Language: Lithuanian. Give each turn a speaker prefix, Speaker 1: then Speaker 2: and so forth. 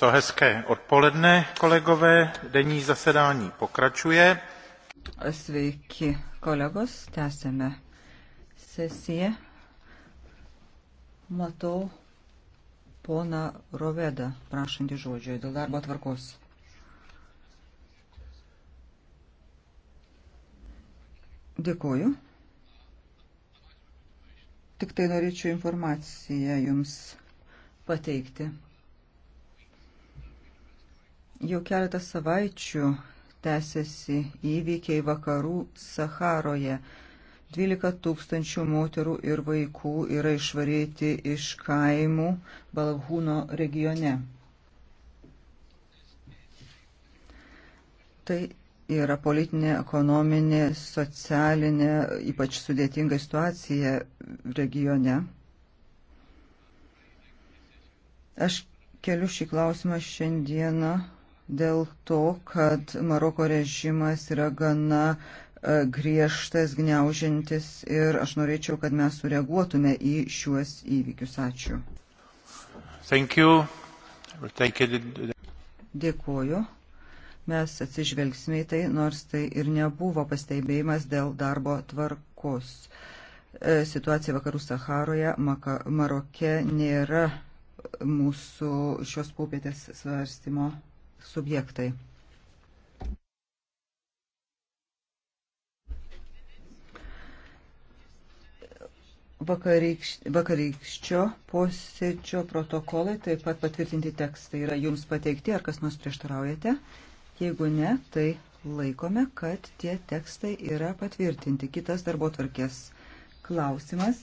Speaker 1: Co hezké odpoledne, kolegové. Denní zasedání pokračuje. Sveiki, kolegos. Tęsėme sesiją. Matau poną Rovedą prašantį žodžio dėl darbo tvarkos. Dėkuoju. Tik tai norėčiau informaciją jums pateikti. Jau keletą savaičių tęsiasi įvykiai vakarų Saharoje. 12 tūkstančių moterų ir vaikų yra išvaryti iš kaimų Balhūno regione. Tai yra politinė, ekonominė, socialinė, ypač sudėtinga situacija regione. Aš keliu šį klausimą šiandieną dėl to, kad Maroko režimas yra gana e, griežtas, gniaužintis ir aš norėčiau, kad mes sureaguotume į šiuos įvykius. Ačiū. Thank you. Thank you. Dėkuoju. Mes atsižvelgsime į tai, nors tai ir nebuvo pastebėjimas dėl darbo tvarkos. E, situacija vakarų Saharoje, Maroke nėra mūsų šios popietės svarstymo subjektai. Vakarykščio posėdžio protokolai taip pat patvirtinti tekstai yra jums pateikti, ar kas nors prieštaraujate. Jeigu ne, tai laikome, kad tie tekstai yra patvirtinti. Kitas darbo tvarkės klausimas.